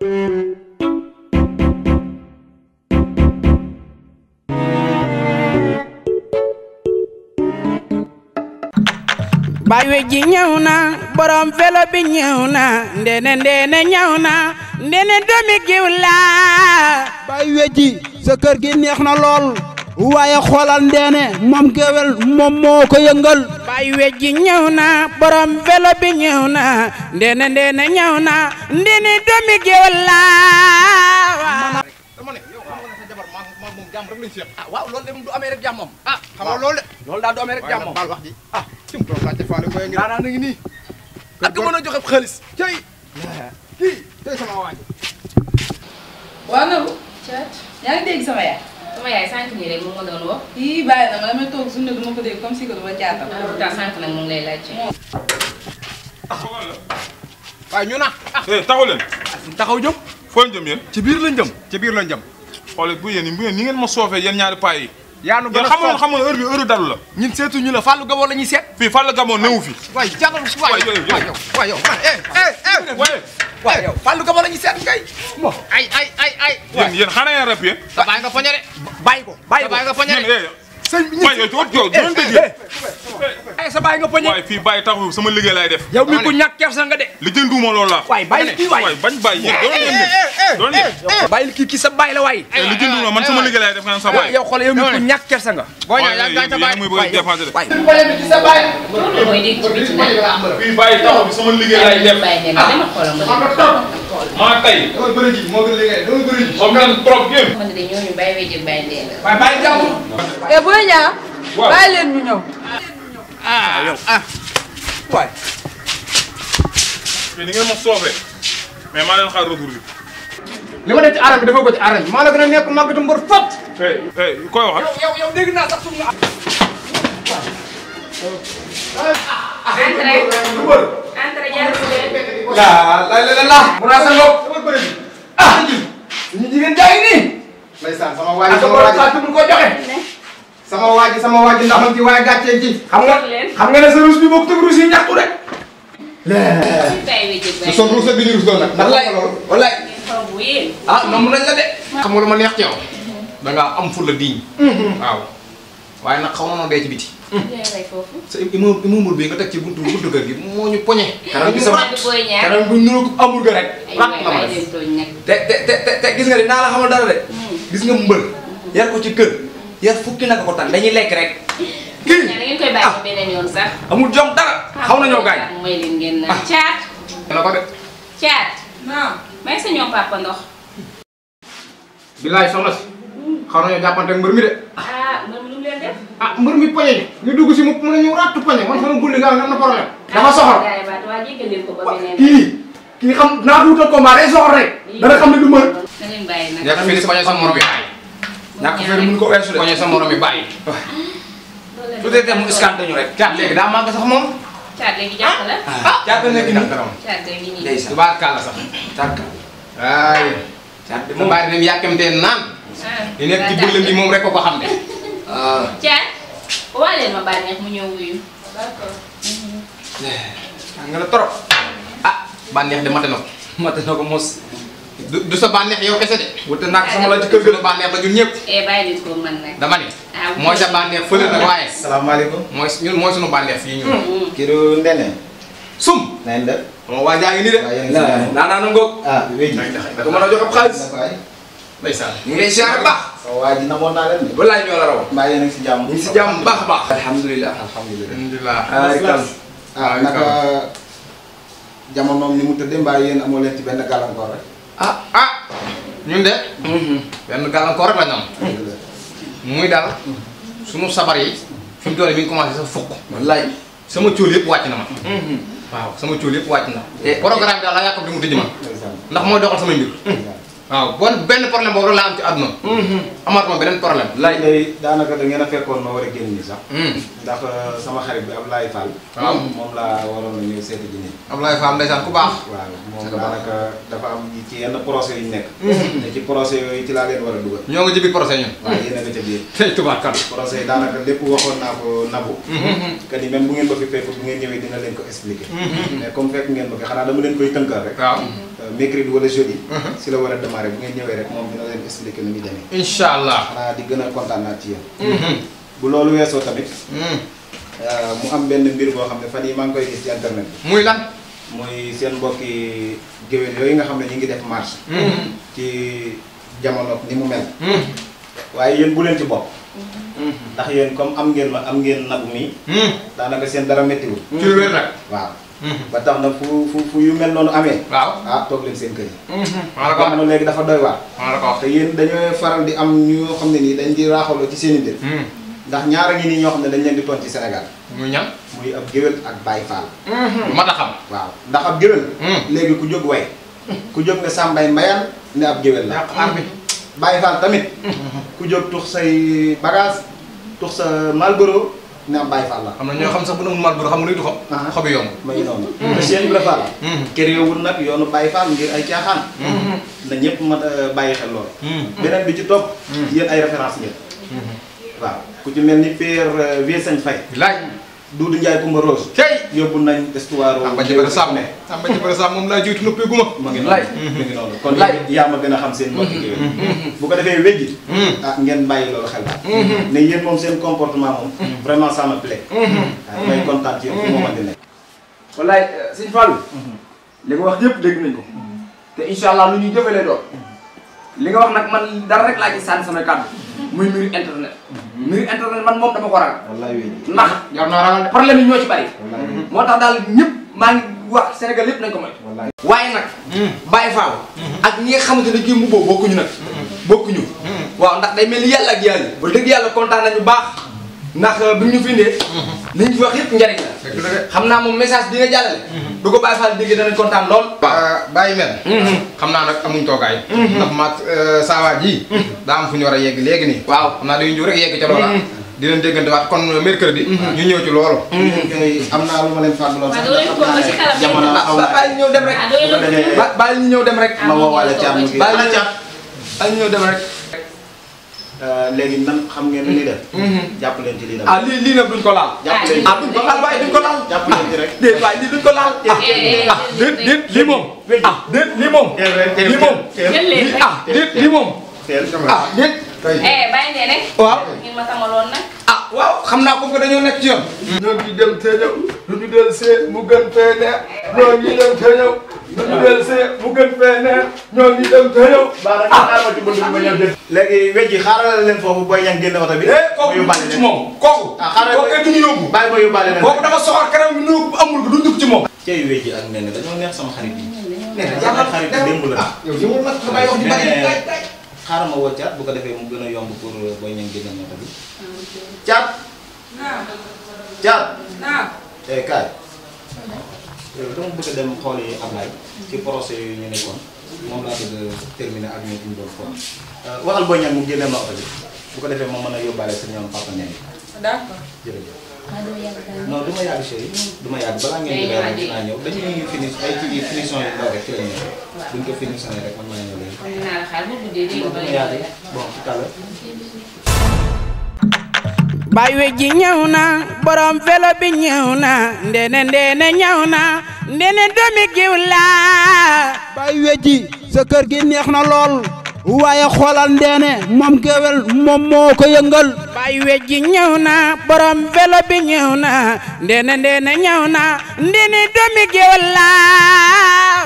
bay we ji ñëw na borom vélo bi ñëw na ndene ndene ñëw na ndene domi giw la bay we sa kër gi neex na lool waaye xoolal ndeene moom géwél moom moo ko yëngal baay wejji ñëw na borom vélo bi ñëw na ndeena ndeena ñëw na ndeeni doomi géwël la jàmm rek ah, de du amee rek jàmm am ah xam nga loolu de loolu daal du amee rek jàmm am baal wax ji ah sim doom laajte a joxe xaalis cay kii tey sama waaj waaw sama yaay sànq nii rek moom ma doon wax. na ma damay toog suñu ne du ma ko dégg comme si que du ma jaatal. waaw pourtant sànq nag moom lay laajte. waaye ñu na. taxaw leen. taxaw jëm. foo jëm yéen. ci biir lañ jëm. ci biir lañ jëm. xoolal bu yéen bu yéen ni ngeen ma soofee yen ñaari paa yi. yaa nu gën a xamoon xamoon heure bi heure dalu la. ñun seetu ñu la Fallou Gabon la ñuy seet. fii Fallou Gabon newu fi. waay jàllal waay yow waay yow man eh eh eh. waay yow Fallou Gabon la ñuy seet kay. bon ay ay ay ay. waay yéen yéen xanaa yéen rap yéen. bàyyi nga poñere. bàyyi ko bàyyi ko bàyyi nga poñere. sëñ bi ñu. waaye yow yow doon eh, eh, eh, sa bàyyi nga poñe. waaye fii bàyyi taxul sama liggéey laay def. yow mi ku ñàkk kersa nga de. li jënduma loolu laa. waay bàyyi kii waay bañ bàyyi yéen doon leen def doon leen. bàyyi kii kii sa bàyyi la waay. li jënduma man sama liggéey laay def nga sa bàyyi. yow xool yow mi ku ñàkk kersa nga. boo ñëwee yaa ngi sa bàyyi waay yow yow yow yow yow yow maa tey. dama bëri ji moo gën li ngay dama bëri ji. soo mel trop bien. man de ñooñu bàyyi wéy jëm bàyyi dee la. waaye bàyyi jàmbur. e eh, booy ñaa. waaw bàyyi leen ñu ñëw. ah yow ah waay. mais ni ngeen ma soofee mais maa leen xaar retour bi. li ma def ci aram bi dafa ko ci aram bi maa la gën a nekk màggatu mbër fot. hey eh, eh, hey koy waxat. yow yow dégg naa sax suñu la. ah ah. laa la la munaasan boobu ah suñu jigéen jaa ngi nii ndeysaan sama waa ji sama waa ko joxe sama waa ji sama waa ji na ci waaye gàccee ji xam nga xam nga ne sa ruus bi bokk tëb si yi ñaxtu rek su soog ruus bi ñu ruus doon nag ndax lay loolu wallaay ah noonu nañ la de xam nga lu ma neex ci yow mhm. da ngaa am fulla diñ mhm. waaw waaye na xaw ma noo bi ci sa immeuble bi nga teg ci buntu buntu kër gi moo ñu poñe. kanam bi sama kanam bu nuru amul ga rek. rak ma def te te te gis nga de naa la xamal dara de. Hmm. gis nga mbër. yar ko ci kër yar fukki naka ko tan dañuy lekk rek. kii da ah. amul jom dara ah, xaw nañoo gaañ. mooy leen ngeen ah. naan caat. may sa ñoom papa ndox. bilaay soxna si. Hmm. xaw nañoo jàppante ak mbër mi de. ah mbër mi poñe ñu dugg si mu mën a ñu ràttu poñe man sama gulli nga xam ne am na problème. dafa soxor kii kii xam naa tuutal combat day soxor rek dana xam ne du mën. ñàkk fii si poñe sa morom yi ñàkk fii mun ko weesu de poñe sa morom yi bàyyi. su dee dem mu iskante ñu rek. caat léegi daa màgg sax moom. caat léegi jàpp la. ah, ah. ah caat léegi nii caat léegi nii. day sax tubaarkàlla sax caat waaye. caat bi moom bàyyi dem yàkkamtee naan. li ah, nekk ci bëllam bi moom rek ko ko xam de ah Thiel. waa mu ñëw wuyu. d'accord. Eh, nga la trop. ah bànneex de mate na ko. mate du du sa bànneex yow kese de. wute naa ko sama la ci kër la ñun ñëpp. eh bàyyi dama ne. Ah, mooy sa bànneex fële na waaye. salaamaaleykum. mooy ñun mooy sunu bànneex fii ñun. Mm-hmm. Mm-hmm. kii du Ndene. Sum. nañ def. waa jaa ngi nii de. waaw yéen a ngoog. ah wéy da ko mën a jox ab xaalis. ndeysaan ñu ngi lay ziar baax. waa ji namoon naa leen de. walaay ñoo la raw. mbaa yéen a ngi si jàmm. ñu ngi si jàmm baax a baax. alhamdulilah alhamdulilah. alhamdulilah. ah naka jamonoom ni mu tëddee amoo leen ci benn gàllankoor rek. ah ah ñun de. Mm-hmm. benn gàllankoor rek la ñu am. muy daal sunu sabar yi fi mu toll nii mi ngi commencé sa fukk. sama cóol yëpp wàcc na ma. Mm-hmm. waaw sama cóol yëpp wàcc na. Eh, programme bi daal laa yàqam di mu tëj ma. ndax mooy doxal samay mbir. waaw bon benn problème boobu laa am ci àdduna. Mhm. amatuma beneen problème. lay day daanaka da ngeen a fekkoon ma war a génn nii sax. Hmm. ndax euh, sama xarit bi Ablaye Fall. waaw moom laa waroon a ñëw seeti ji nii. Ablaye Fall ndeysaan ku baax. waaw moom daanaka dafa am ci yenn procès yu nekk. Hmm. ci procès yooyu ci laa leen war a dugal. ñoo ngi ci biir procès ñun. waaw a nga ca biir. tey kan. procès yi daanaka lépp waxoon naa ko nabu. Hmm. que ni bu ngeen ko fi fekk bu ngeen ñëwee dina leen xanaa dama leen koy tënkal rek. waaw mercredi wala jeudi. Mhm. si la war a démarrer bu ngeen ñëwee rek moom dina leen expliquer nu muy demee. incha allah xanaa di gën a kontaan naa ci yéen. Mhm. bu loolu weesoo tamit. Mhm. Euh, mu am benn mbir boo xam ne fan yi maa koy gis ci internet bi. muy lan. muy seen mbokki géwél yooyu nga xam ne ñu ngi def marche. ci jamono ni mu mel. waaye yéen bu leen ci bopp. ndax yéen comme am ngeen ma am ngeen nagu mi. daanaka seen dara méttiwul. ci lu wér nag ba tax na fu fu fu yu mel noonu amee. waaw ah toog leen seen kër yi. jamono mhm. léegi dafa doy waar. te yéen dañoo faral di am ñu xam ne nii dañ di raaxaloo ci seen i mbir. Mhm. ndax ñaara ngi nii ñoo xam ne dañ leen di ton ci Sénégal. muy ñan muy ab géwél ak Baye Fall. Mhm. lu mat a xam. waaw ndax ab géwél. léegi ku jóg way ku jóg nga Sambay Mbayaan ne ab géwél la. Baye Fall tamit. ku jóg tux say bagage tux sa Malboro. ne am Baye Fall la. am na ñoo xam sax bu ne mal bu xam nga du xam. Ah. xobi yomb. ma ngi noonu. Mm-hmm. te Cheikh Ibrahima Fall. kër yowul nag yoonu Baye Fall ngir ay caaxaan. Mm-hmm. na ñëpp ma euh, bàyyi xel loolu. Mm-hmm. beneen bi ci topp. yéen ay référence ngeen. waaw ku ci mel ni Père euh, Vieux Sëñ Faye. Doudou Ndiaye Coumba Rose. tey yóbbu nañ histoire. Tamba Jabara Samb Tamba Jabara Samb moom laa jiitu noppeegu ma. ma ngi lay mi ngi noonu kon yaa ma gën a xam seen mbokki géwél mm-hmm. mm-hmm. bu ko defee wéjji. Mm-hmm. ah ngeen bàyyi loolu xel ne yéen moom seen comportement moom. vraiment ça me plaît. waaw ah, may kontaan ci yéen fu mu mën di euh, li nga wax yëpp dégg nañ ko. te incha allah lu ñuy li nga wax nag man dara rek laa ci sama kàddu. muy mbiru internet. nuyu internet man moom dama ko ragal. wallaay wéy ndax. jar naa ragal problème yi ñoo ci bari. moo tax daal ñëpp maa ngi wax Sénégal yëpp nañ ko moytu. waaye nag. Hmm. Baye Fall. ak ñi nga xamante ne kii mu boobu bokkuñu nag. Hmm. bokkuñu. Hmm. waaw ndax day mel ni yàlla ak yàlla. ba dëgg yàlla kontaan nañu baax. ndax uh, bi ñu fi indee. li ñu fi wax njariñ xam naa moom message bi nga jàllale. du mhm. ko Baye Fall déggee danañ kontaan lool. bàyyi ah, mel. Mhm. xam naa nag amuñ toogaay. Mhm. ndax maag euh, saawaay ji. daa fu ñu war a yegg léegi nii. waaw xam naa dañuy ñëw rek yegg ca loola. di leen déggante waat ñëw ci loolu. am naa lu ma leen fàgg dem rek. Ah, bàyyi ñëw dem rek. ma woowaale caam gi bàyyi ñëw dem rek. Euh, léegi nan xam ngeen li ñuy def. Mm-hmm. jàpp leen ci lii ah lii lii nag duñ ko laal. jàpp leen ci ah duñ ko laal waaye duñ ko laal. jàpp leen ci rek ah déet waaye lii duñ ko laal. ah déet déet lii moom. ah déet lii moom. Eh, eh, eh, lii moom ah déet lii moom. ah déet. bàyyi ne rek. waaw ñu ma samaloon nag. ah waaw xam naa ko dañoo nekk ci yoon. ñoo ngi dem te ñëw lu ñu del see mu gën fee neex ñoo ngi dem te ñëw. mu gën fee ne ñoo ngi dem ca yow. baara nga xaaral ci bunt bi ma ñëw dégg. léegi wécc xaaral leen foofu booy ñaan génn oto bi. ma eh, yóbbaale leen kooku kooku. ah xaaral kooku kenn du ñu ma yóbbaale leen kooku dafa soxor kanam ñu amul du dugg ci moom. ceeb ak nee dañoo neex sama xarit yi. nee na jàppal ah, xaaral ma woo caat bu ko defee mu gën a yomb pour euh, booy ñaan génn oto bi. caat. Ah, caat. Ah. eh dama bëgg a dem xooli Ablaye ci procès yooyu ñu nekkoon moom laa bëgg terminer ak ñoom fi ñu doon xool euh, waxal boo ñaan mu génneel ma oto bi bu ko defee moom mën a yóbbaale sa ñoom papa ñeneen d'accord jërëjëf ah, non ma yàgg chéri du ma yàgg balaa ngeen di dinaa ñëw dañuy finish ay ci finition yi ndaw rek ci lañ ñëw buñ ko finition rek man maa ñëw léegi bon ci bay we ji ñëw na borom vélo bi ñëw na ndene ndene ñëw na ndene domi giw laa bay we ji sa kër gi neex na lool waaye xoolal ndeene moom géwél moom moo ko yëngal bay we ji ñëw na borom vélo bi ñëw na ndene ndene ñëw na ndene domi giw laa